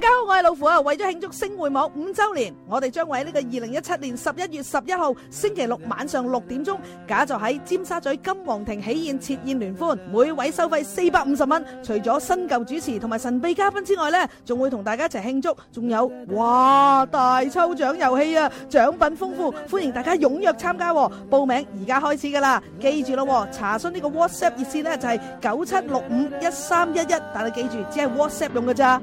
大家好，我係老虎啊！為咗慶祝星匯網五周年，我哋將會喺呢個二零一七年十一月十一號星期六晚上六點鐘，假就喺尖沙咀金皇庭喜宴設宴聯歡，每位收費四百五十蚊。除咗新舊主持同埋神秘嘉賓之外咧，仲會同大家一齊慶祝，仲有哇大抽獎遊戲啊！獎品豐富，歡迎大家踴躍參加。報名而家開始噶啦，記住咯，查詢呢個 WhatsApp 熱線咧就係九七六五一三一一，但係記住只係 WhatsApp 用噶咋。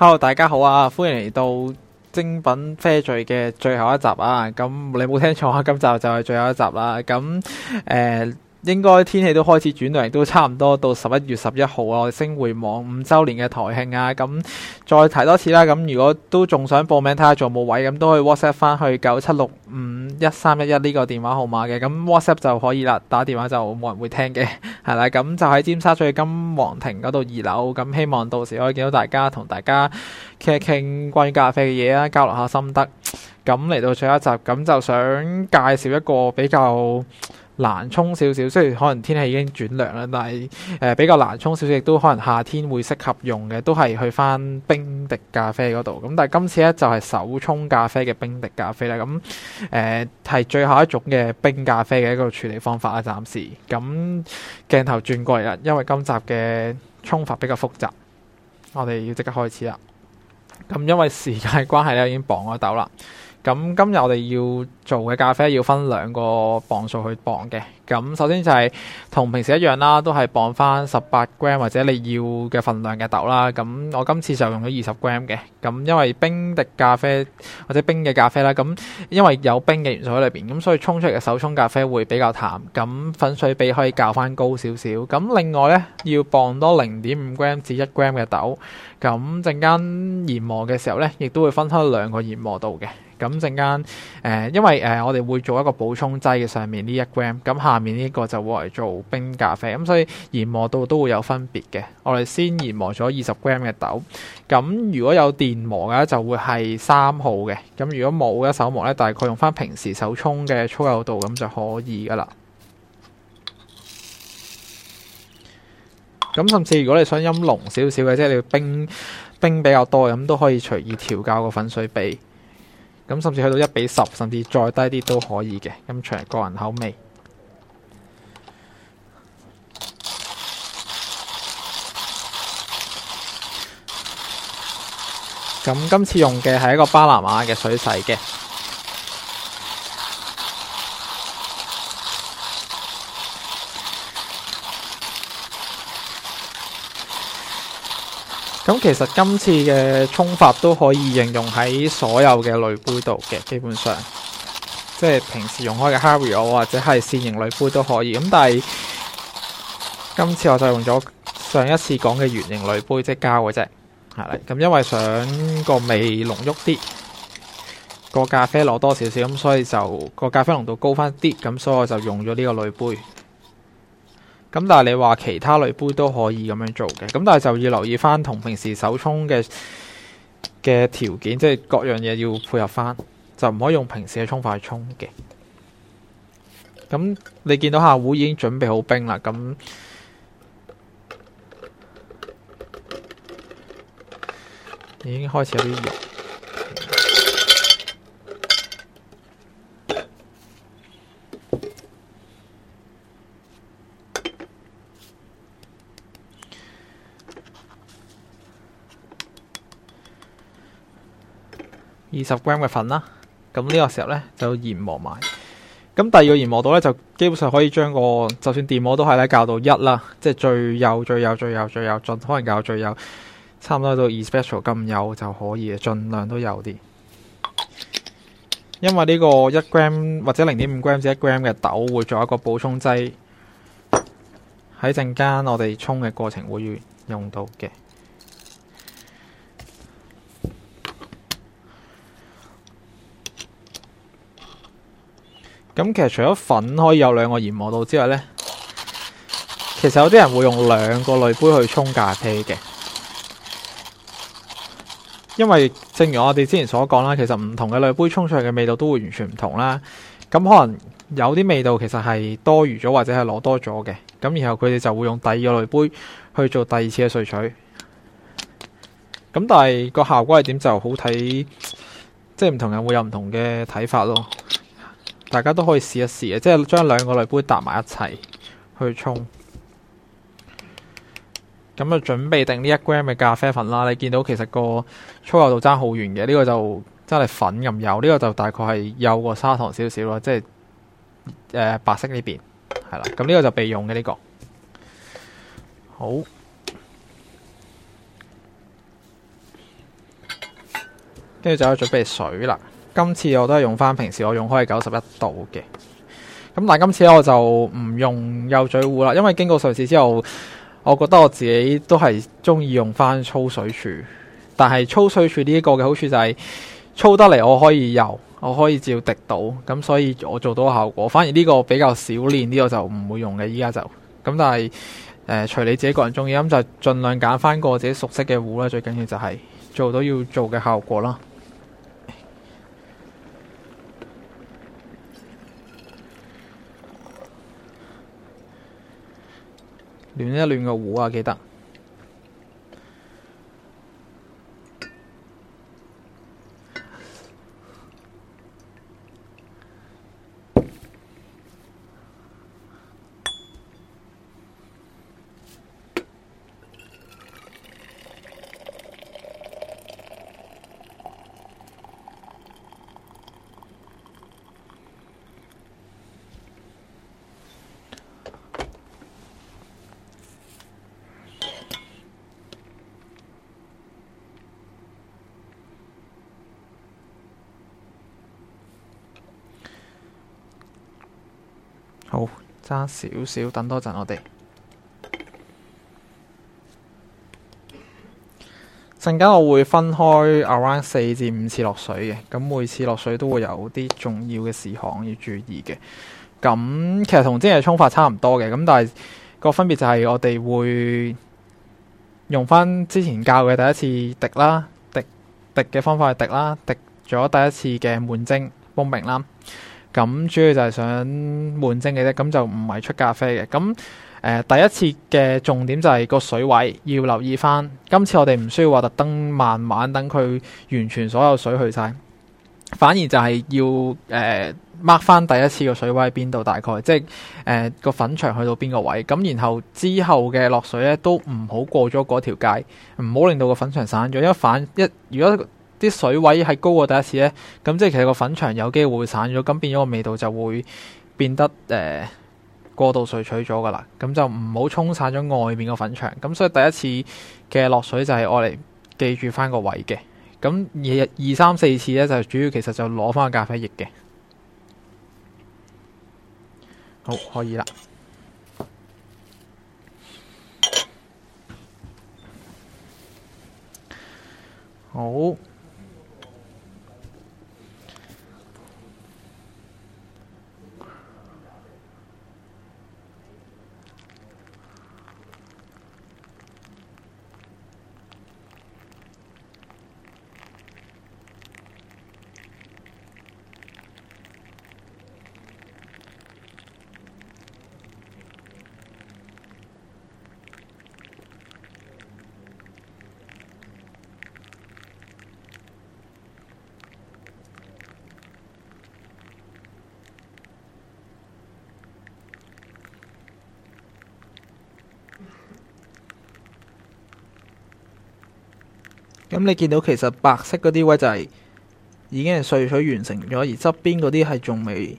Hello 大家好啊！歡迎嚟到精品啡聚嘅最後一集啊！咁你冇聽錯啊，今集就係最後一集啦！咁誒。呃應該天氣都開始轉涼，都差唔多到十一月十一號啊！星匯網五周年嘅台慶啊，咁再提多次啦。咁如果都仲想報名睇下做冇位，咁都可以 WhatsApp 翻去九七六五一三一一呢個電話號碼嘅。咁 WhatsApp 就可以啦，打電話就冇人會聽嘅，係啦。咁就喺尖沙咀金皇庭嗰度二樓。咁希望到時可以見到大家，同大家傾傾關於咖啡嘅嘢啊，交流下心得。咁嚟到最後一集，咁就想介紹一個比較。難沖少少，雖然可能天氣已經轉涼啦，但係誒、呃、比較難沖少少，亦都可能夏天會適合用嘅，都係去翻冰滴咖啡嗰度。咁但係今次咧就係、是、手沖咖啡嘅冰滴咖啡啦。咁誒係最後一種嘅冰咖啡嘅一個處理方法啦、啊，暫時。咁鏡頭轉過嚟啦，因為今集嘅沖法比較複雜，我哋要即刻開始啦。咁因為時間關係咧，已經綁咗豆啦。咁今日我哋要做嘅咖啡要分兩個磅數去磅嘅。咁首先就係同平時一樣啦，都係磅翻十八 gram 或者你要嘅份量嘅豆啦。咁我今次就用咗二十 gram 嘅。咁因為冰滴咖啡或者冰嘅咖啡啦，咁因為有冰嘅元素喺裏邊，咁所以沖出嚟嘅手沖咖啡會比較淡。咁粉水比可以較翻高少少。咁另外咧要磅多零點五 gram 至一 gram 嘅豆。咁陣間研磨嘅時候咧，亦都會分開兩個研磨度嘅。咁陣間誒，因為誒、呃、我哋會做一個補充劑嘅上面呢一 gram，咁下面呢個就會嚟做冰咖啡咁，所以研磨度都會有分別嘅。我哋先研磨咗二十 gram 嘅豆，咁如果有電磨嘅就會係三號嘅。咁如果冇嘅手磨咧，大概用翻平時手沖嘅粗幼度咁就可以噶啦。咁甚至如果你想飲濃少少嘅，即係你冰冰比較多嘅，咁都可以隨意調校個粉水比。咁甚至去到一比十，甚至再低啲都可以嘅，咁隨個人口味。咁今次用嘅係一個巴拿馬嘅水洗嘅。咁其實今次嘅沖法都可以應用喺所有嘅濾杯度嘅，基本上即係平時用開嘅 Hario 或或者係扇形濾杯都可以。咁但係今次我就用咗上一次講嘅圓形濾杯即膠嘅啫，係啦。咁因為想個味濃郁啲，個咖啡攞多少少咁，所以就個咖啡濃度高翻啲，咁所以我就用咗呢個濾杯。咁但係你話其他類杯都可以咁樣做嘅，咁但係就要留意翻同平時手沖嘅嘅條件，即係各樣嘢要配合翻，就唔可以用平時嘅沖法去沖嘅。咁你見到下壺已經準備好冰啦，咁已經開始有。有啲二十 gram 嘅粉啦，咁、這、呢個時候呢，就要研磨埋，咁第二個研磨到呢，就基本上可以將個就算電磨都係咧較到一啦，即係最幼最幼最幼最幼，盡可能較最幼，差唔多到 special 咁幼就可以嘅，盡量都有啲。因為呢個一 gram 或者零點五 gram 至一 gram 嘅豆會做一個補充劑，喺陣間我哋沖嘅過程會用到嘅。咁其實除咗粉可以有兩個研磨度之外呢，其實有啲人會用兩個濾杯去沖咖啡嘅，因為正如我哋之前所講啦，其實唔同嘅濾杯沖出嚟嘅味道都會完全唔同啦。咁可能有啲味道其實係多餘咗或者係攞多咗嘅，咁然後佢哋就會用第二個濾杯去做第二次嘅萃取。咁但係個效果係點就好睇，即係唔同人會有唔同嘅睇法咯。大家都可以試一試嘅，即係將兩個濾杯搭埋一齊去沖。咁啊，準備定呢一 gram 嘅咖啡粉啦。你見到其實個粗幼度爭好遠嘅，呢、這個就真係粉咁幼。呢、這個就大概係幼過砂糖少少啦，即係誒、呃、白色呢邊係啦。咁呢個就備用嘅呢、這個。好，跟住就去準備水啦。今次我都係用翻平時我用開係九十一度嘅，咁但係今次我就唔用幼嘴壺啦，因為經過嘗試之後，我覺得我自己都係中意用翻粗水柱。但係粗水柱呢個嘅好處就係、是、粗得嚟我可以游，我可以照滴到，咁所以我做到效果。反而呢個比較少練，呢、這個就唔會用嘅。依家就咁，但係誒、呃，隨你自己個人中意，咁就盡量揀翻個自己熟悉嘅壺啦。最緊要就係做到要做嘅效果啦。暖一暖個壺啊，記得。差少少，等多陣我哋，陣間我會分開 around 四至五次落水嘅，咁每次落水都會有啲重要嘅事項要注意嘅。咁其實同之前沖法差唔多嘅，咁但係個分別就係我哋會用翻之前教嘅第一次滴啦，滴滴嘅方法去滴啦，滴咗第一次嘅滿精，封命啦。咁主要就係想燜蒸嘅啫，咁就唔係出咖啡嘅。咁誒、呃、第一次嘅重點就係個水位要留意翻。今次我哋唔需要話特登慢慢等佢完全所有水去晒，反而就係要誒 mark 翻第一次嘅水位喺邊度大概，即係誒個粉牆去到邊個位。咁然後之後嘅落水咧都唔好過咗嗰條界，唔好令到個粉牆散咗。因為反一如果。啲水位係高過第一次呢，咁即係其實個粉牆有機會散咗，咁變咗個味道就會變得誒、呃、過度萃取咗噶啦，咁就唔好沖散咗外面個粉牆。咁所以第一次嘅落水就係我嚟記住翻個位嘅，咁二二三四次呢，就主要其實就攞翻個咖啡液嘅，好，可以啦，好。咁你見到其實白色嗰啲位就係已經係萃取完成咗，而側邊嗰啲係仲未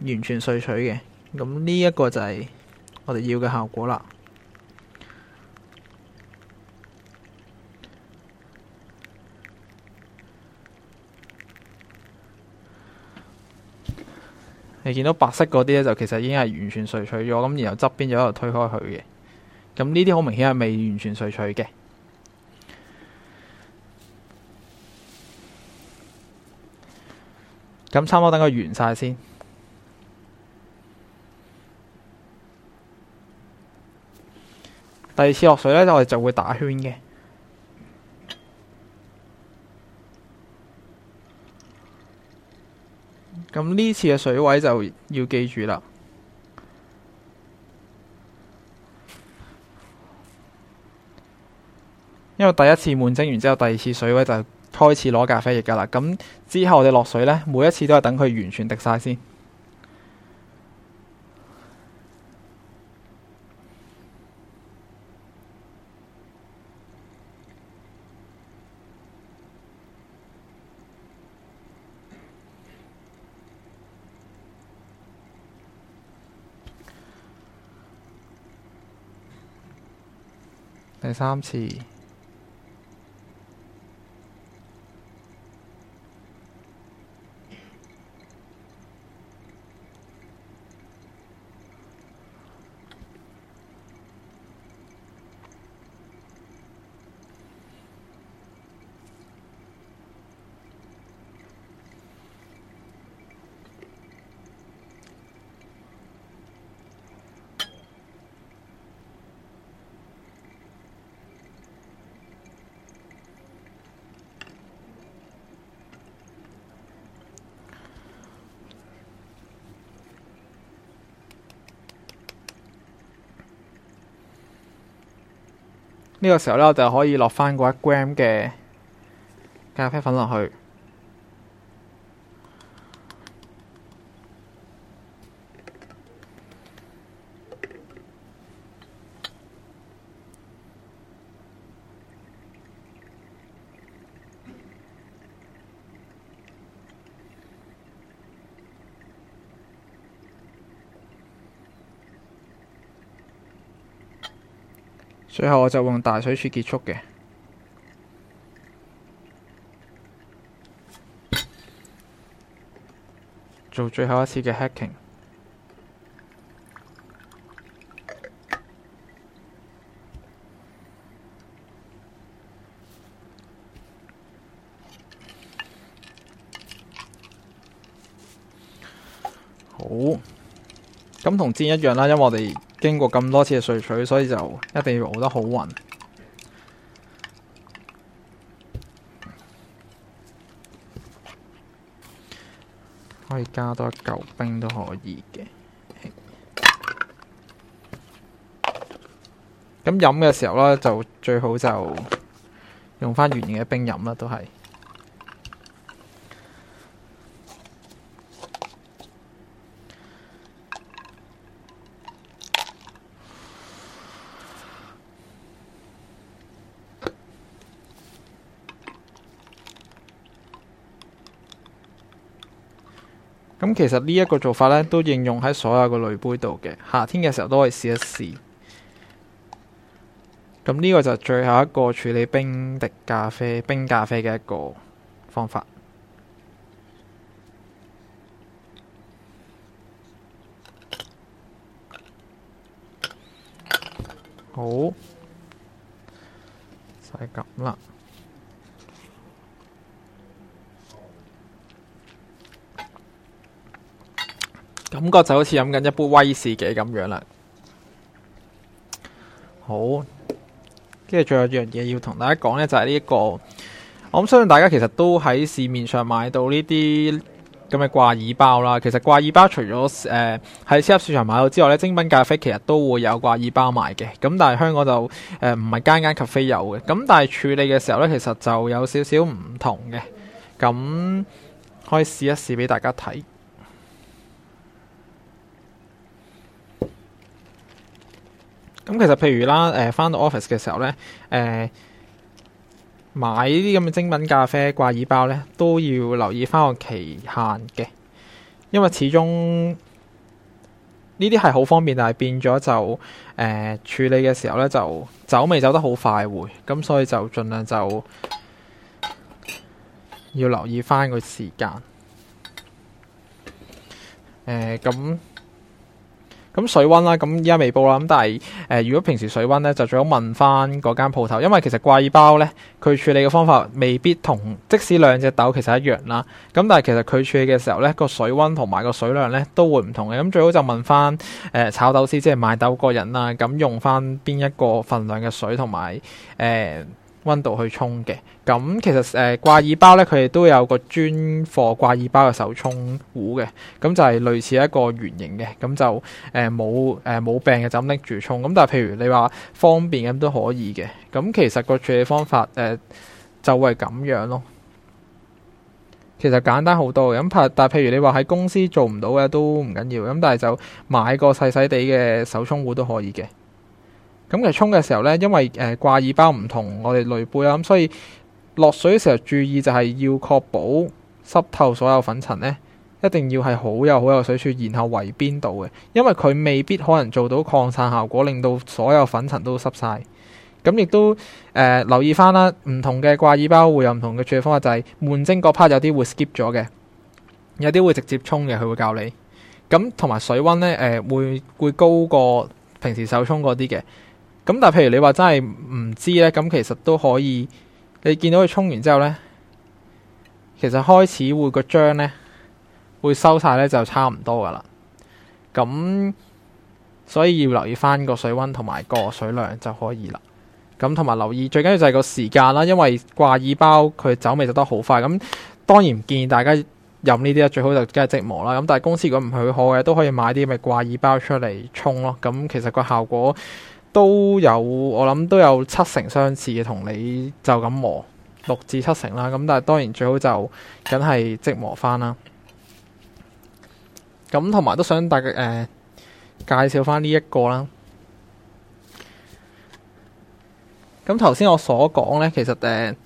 完全萃取嘅。咁呢一個就係我哋要嘅效果啦。你見到白色嗰啲咧，就其實已經係完全萃取咗，咁然後側邊就喺度推開佢嘅。咁呢啲好明顯係未完全萃取嘅。咁差唔多等佢完晒先。第二次落水咧，就係就會打圈嘅。咁呢次嘅水位就要記住啦。因為第一次悶蒸完之後，第二次水位就。開始攞咖啡液㗎喇，咁之後我哋落水呢，每一次都係等佢完全滴晒先。第三次。呢個時候咧，我就可以落返個一 gram 嘅咖啡粉落去。最後我就用大水柱結束嘅，做最後一次嘅 hacking。好，咁同之前一樣啦，因為我哋。經過咁多次嘅萃取，所以就一定要熬得好勻，可以加多一嚿冰都可以嘅。咁飲嘅時候呢，就最好就用翻原形嘅冰飲啦，都係。咁其實呢一個做法咧，都應用喺所有個濾杯度嘅。夏天嘅時候都可以試一試。咁呢個就係最後一個處理冰滴咖啡、冰咖啡嘅一個方法。就好似飲緊一杯威士忌咁樣啦。好，跟住仲有一樣嘢要同大家講呢，就係呢一個，我諗相信大家其實都喺市面上買到呢啲咁嘅掛耳包啦。其實掛耳包除咗喺超級市場買到之外咧，精品咖啡其實都會有掛耳包賣嘅。咁但係香港就呃、唔係、間間咖啡有嘅。咁但係處理嘅時候呢，其實就有少少唔同嘅。咁可以試一試俾大家睇。咁、嗯、其實譬如啦，誒、呃，返到 office 嘅時候咧，誒、呃，買呢啲咁嘅精品咖啡掛耳包咧，都要留意返個期限嘅，因為始終呢啲係好方便，但係變咗就誒、呃、處理嘅時候咧就走味走得好快回，咁所以就盡量就要留意返個時間，誒、呃、咁。咁水溫啦，咁依家未報啦，咁但係誒、呃，如果平時水溫咧，就最好問翻嗰間鋪頭，因為其實掛耳包咧，佢處理嘅方法未必同，即使兩隻豆其實一樣啦，咁但係其實佢處理嘅時候咧，個水溫同埋個水量咧都會唔同嘅，咁最好就問翻誒、呃、炒豆師即係賣豆嗰人啦、啊，咁用翻邊一個份量嘅水同埋誒。呃溫度去沖嘅，咁、嗯、其實誒、呃、掛耳包咧，佢哋都有個專貨掛耳包嘅手沖壺嘅，咁、嗯、就係、是、類似一個圓形嘅，咁、嗯、就誒冇誒冇柄嘅就咁拎住沖，咁、嗯、但係譬如你話方便咁都可以嘅，咁、嗯、其實個處理方法誒、呃、就係、是、咁樣咯，其實簡單好多，咁、嗯，但係譬如你話喺公司做唔到嘅都唔緊要，咁、嗯、但係就買個細細地嘅手沖壺都可以嘅。咁其實沖嘅時候呢，因為誒掛、呃、耳包唔同我哋濾杯啦，咁所以落水嘅時候注意就係要確保濕透所有粉塵呢，一定要係好有好有水柱，然後圍邊度嘅，因為佢未必可能做到擴散效果，令到所有粉塵都濕晒。咁、嗯、亦都誒、呃、留意翻啦，唔同嘅掛耳包會有唔同嘅處理方法，就係、是、悶蒸嗰 part 有啲會 skip 咗嘅，有啲會直接沖嘅，佢會教你。咁同埋水溫呢誒、呃、會會高過平時手沖嗰啲嘅。咁但譬如你話真係唔知呢，咁其實都可以，你見到佢沖完之後呢，其實開始會個漿呢會收晒呢，就差唔多噶啦。咁所以要留意翻個水溫同埋個水量就可以啦。咁同埋留意最緊要就係個時間啦，因為掛耳包佢走味走得好快。咁當然唔建議大家飲呢啲啊，最好就梗係即磨啦。咁但係公司如果唔許可嘅，都可以買啲咪掛耳包出嚟沖咯。咁其實個效果。都有，我諗都有七成相似嘅，同你就咁磨六至七成啦。咁但係當然最好就梗係即磨翻啦。咁同埋都想大概誒，介紹翻呢一個啦。咁頭先我所講呢，其實誒、呃、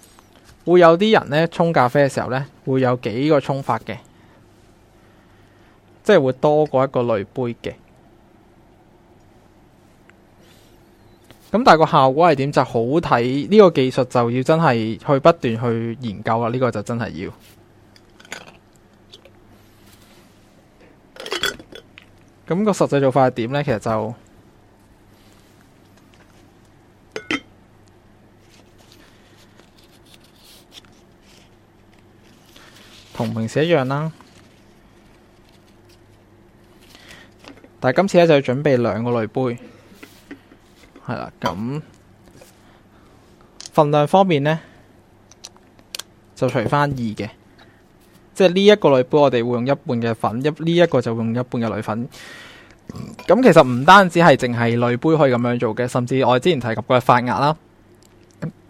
會有啲人呢，沖咖啡嘅時候呢，會有幾個沖法嘅，即係會多過一個濾杯嘅。咁但係個效果係點就好睇，呢個技術就要真係去不斷去研究啦。呢個就真係要。咁個實際做法係點呢？其實就同平時一樣啦。但係今次咧就要準備兩個濾杯。係啦，咁份量方面呢，就除翻二嘅，即係呢一個濾杯，我哋會用一半嘅粉，一呢一個就會用一半嘅濾粉。咁其實唔單止係淨係濾杯可以咁樣做嘅，甚至我之前提及過嘅法壓啦，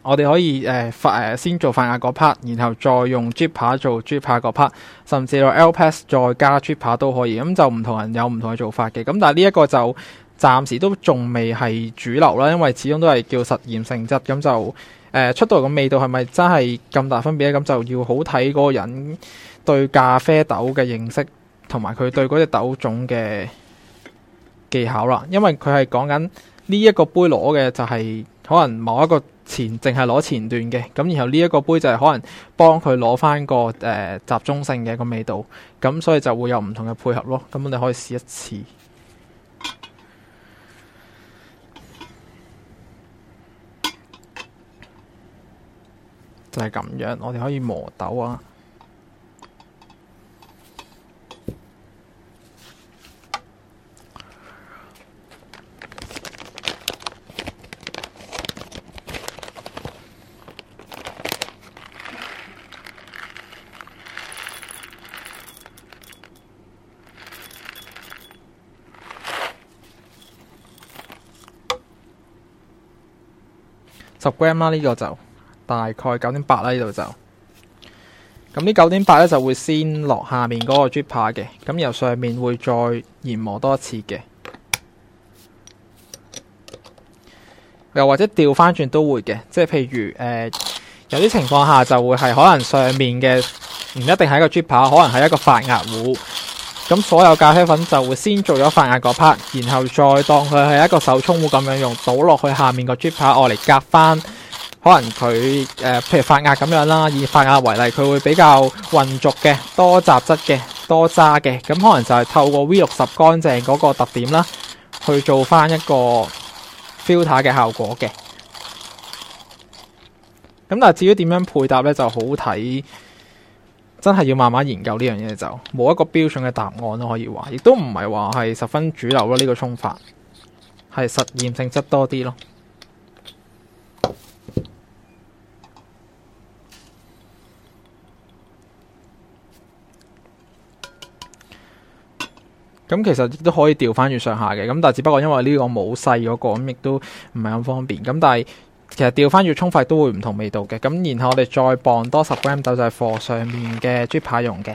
我哋可以誒、呃、發誒、呃、先做法壓個 part，然後再用 jip 牌做 jip 牌個 part，甚至用 l pass 再加 jip 牌都可以。咁就唔同人有唔同嘅做法嘅。咁但係呢一個就。暫時都仲未係主流啦，因為始終都係叫實驗性質，咁就誒、呃、出到嚟個味道係咪真係咁大分別咧？咁就要好睇嗰個人對咖啡豆嘅認識，同埋佢對嗰隻豆種嘅技巧啦。因為佢係講緊呢一個杯攞嘅就係、是、可能某一個前，淨係攞前段嘅，咁然後呢一個杯就係可能幫佢攞返個誒、呃、集中性嘅個味道，咁所以就會有唔同嘅配合咯。咁你可以試一次。就係咁樣，我哋可以磨豆啊，十 gram 啦，呢個就。大概九點八啦，呢度就咁呢九點八呢，就會先落下面嗰個 drip 嘅，咁由上面會再研磨多一次嘅，又或者調翻轉都會嘅，即係譬如誒、呃、有啲情況下就會係可能上面嘅唔一定係一個 drip, 可能係一個發壓壺，咁所有咖啡粉就會先做咗發壓嗰 part，然後再當佢係一個手沖壺咁樣用倒落去下面個 drip 牌外嚟夾翻。可能佢誒、呃，譬如發壓咁樣啦，以發壓為例，佢會比較混濁嘅、多雜質嘅、多渣嘅，咁可能就係透過 V 六十乾淨嗰個特點啦，去做翻一個 filter 嘅效果嘅。咁但至於點樣配搭呢就好睇，真係要慢慢研究呢樣嘢，就冇一個標準嘅答案咯，可以話，亦都唔係話係十分主流咯，呢、呢個沖法係實驗性質多啲咯。咁其實都可以調翻越上下嘅，咁但係只不過因為呢個冇細嗰個，咁亦都唔係咁方便。咁但係其實調翻越沖法都會唔同味道嘅。咁然後我哋再磅多十 gram 豆就係、是、貨上面嘅豬扒用嘅。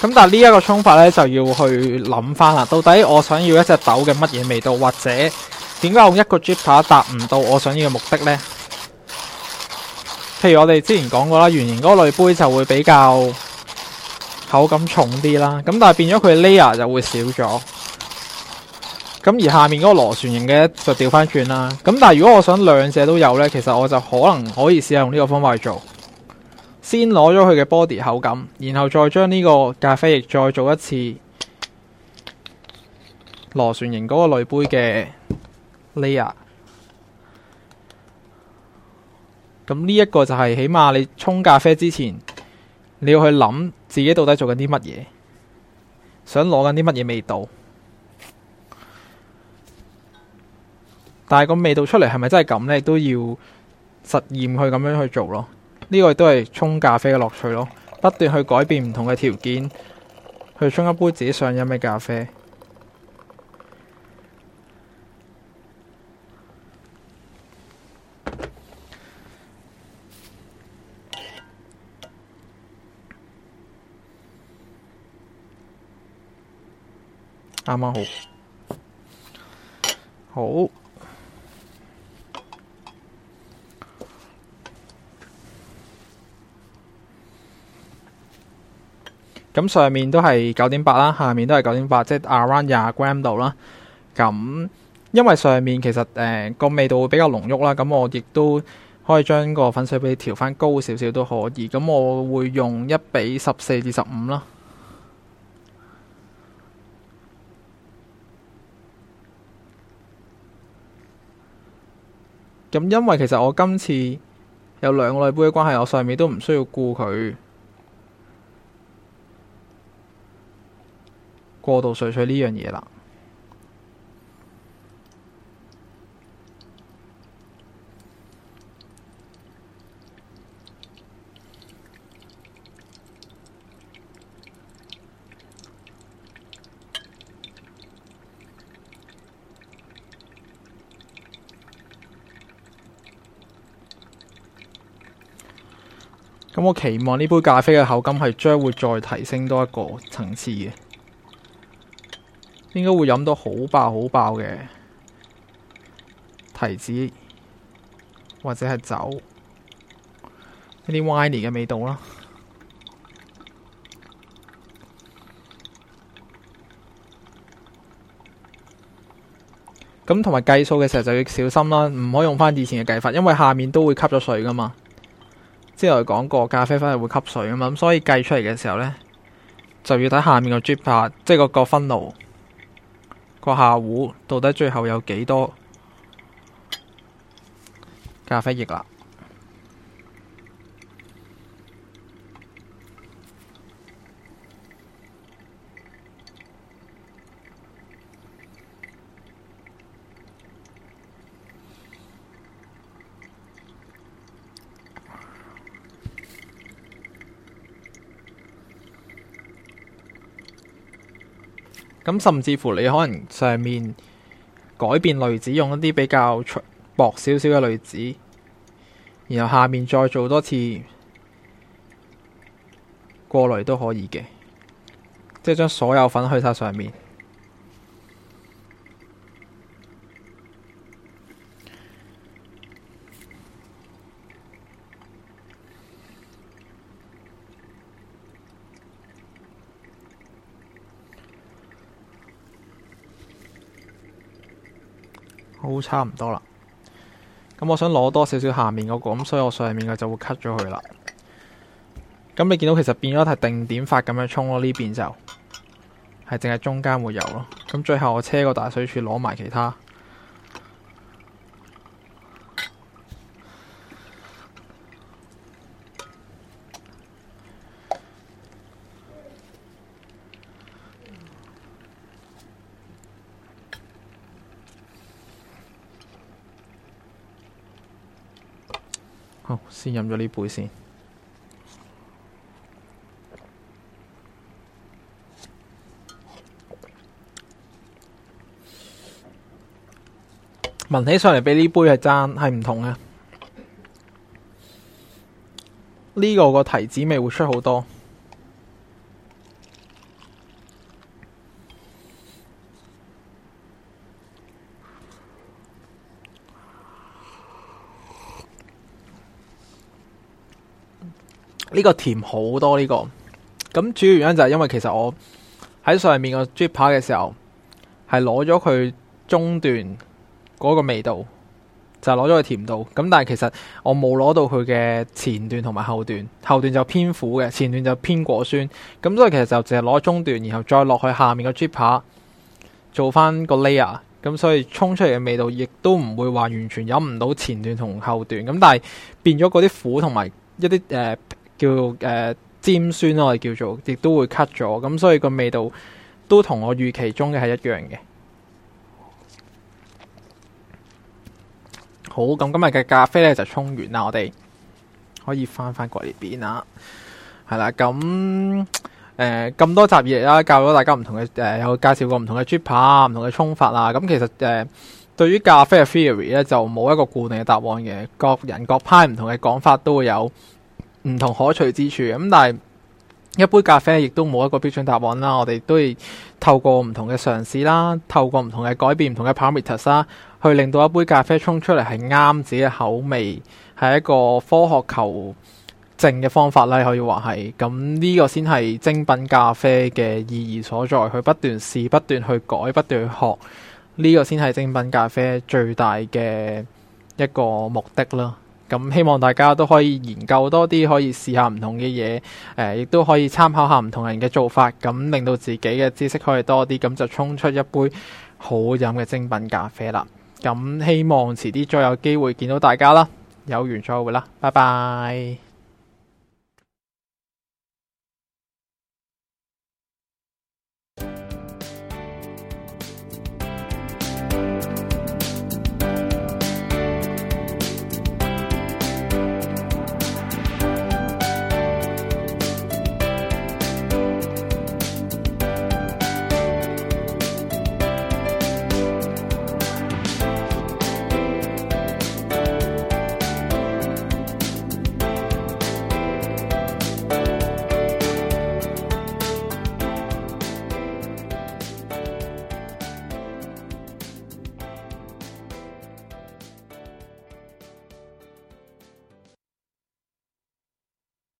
咁但係呢一個沖法呢，就要去諗翻啦，到底我想要一隻豆嘅乜嘢味道，或者點解用一個 dripper 達唔到我想要嘅目的呢？譬如我哋之前講過啦，圓形嗰類杯就會比較口感重啲啦，咁但係變咗佢 layer 就會少咗。咁而下面嗰個螺旋形嘅就掉翻轉啦。咁但係如果我想兩者都有呢，其實我就可能可以試下用呢個方法去做。先攞咗佢嘅 body 口感，然後再將呢個咖啡液再做一次螺旋形嗰個濾杯嘅 layer。咁呢一個就係起碼你沖咖啡之前，你要去諗自己到底做緊啲乜嘢，想攞緊啲乜嘢味道。但係個味道出嚟係咪真係咁呢？都要實驗佢咁樣去做咯。呢個都係沖咖啡嘅樂趣咯，不斷去改變唔同嘅條件，去沖一杯自己想飲嘅咖啡。啱啱好，好。咁上面都係九點八啦，下面都係九點八，即係 around 廿 gram 度啦。咁因為上面其實誒個、呃、味道會比較濃郁啦，咁我亦都可以將個粉水比調翻高少少都可以。咁我會用一比十四至十五啦。咁因為其實我今次有兩個杯嘅關係，我上面都唔需要顧佢。過度碎碎呢樣嘢啦。咁我期望呢杯咖啡嘅口感係將會再提升多一個層次嘅。應該會飲到好爆好爆嘅提子，或者係酒一啲 winey 嘅味道咯。咁同埋計數嘅時候就要小心啦，唔可以用翻以前嘅計法，因為下面都會吸咗水噶嘛。之前講過咖啡粉係會吸水噶嘛，咁所以計出嚟嘅時候呢，就要睇下面個 drip part，即係個過分路。個下壺到底最後有幾多咖啡液啦？咁甚至乎你可能上面改變濾紙，用一啲比較薄少少嘅濾紙，然後下面再做多次過濾都可以嘅，即係將所有粉去晒上面。好差唔多啦，咁我想攞多少少下面嗰個，咁所以我上面嘅就會 cut 咗佢啦。咁你見到其實變咗係定點法咁樣沖咯，呢邊就係淨係中間會有咯。咁最後我車個大水柱攞埋其他。Oh, 先飲咗呢杯先，聞起上嚟比呢杯係爭係唔同嘅，呢個個提子味會出好多。呢個甜好多呢，這個，咁主要原因就係因為其實我喺上面個 d r i p p 嘅時候係攞咗佢中段嗰個味道，就攞咗佢甜度。咁但係其實我冇攞到佢嘅前段同埋後段，後段就偏苦嘅，前段就偏果酸。咁所以其實就淨係攞中段，然後再落去下面個 d r i p p 做翻個 layer。咁所以沖出嚟嘅味道亦都唔會話完全飲唔到前段同後段。咁但係變咗嗰啲苦同埋一啲誒。呃叫，呃尖酸啊、我哋叫做尖酸咯，叫做亦都會 cut 咗，咁所以個味道都同我預期中嘅係一樣嘅。好，咁今日嘅咖啡咧就沖完啦，我哋可以翻翻過嚟邊啊。係啦，咁誒咁多集嘢啦，教咗大家唔同嘅誒、呃，有介紹過唔同嘅 drip、唔同嘅沖法啊。咁其實誒、呃、對於咖啡嘅 theory 咧，就冇一個固定嘅答案嘅，各人各派唔同嘅講法都會有。唔同可取之處咁，但係一杯咖啡亦都冇一個標準答案啦。我哋都係透過唔同嘅嘗試啦，透過唔同嘅改變、唔同嘅 parameters 啦，去令到一杯咖啡沖出嚟係啱自己嘅口味，係一個科學求證嘅方法啦，可以話係。咁呢個先係精品咖啡嘅意義所在，佢不斷試、不斷去改、不斷去學，呢個先係精品咖啡最大嘅一個目的啦。咁希望大家都可以研究多啲，可以試下唔同嘅嘢，誒、呃，亦都可以參考下唔同人嘅做法，咁令到自己嘅知識可以多啲，咁就沖出一杯好飲嘅精品咖啡啦。咁希望遲啲再有機會見到大家啦，有緣再會啦，拜拜。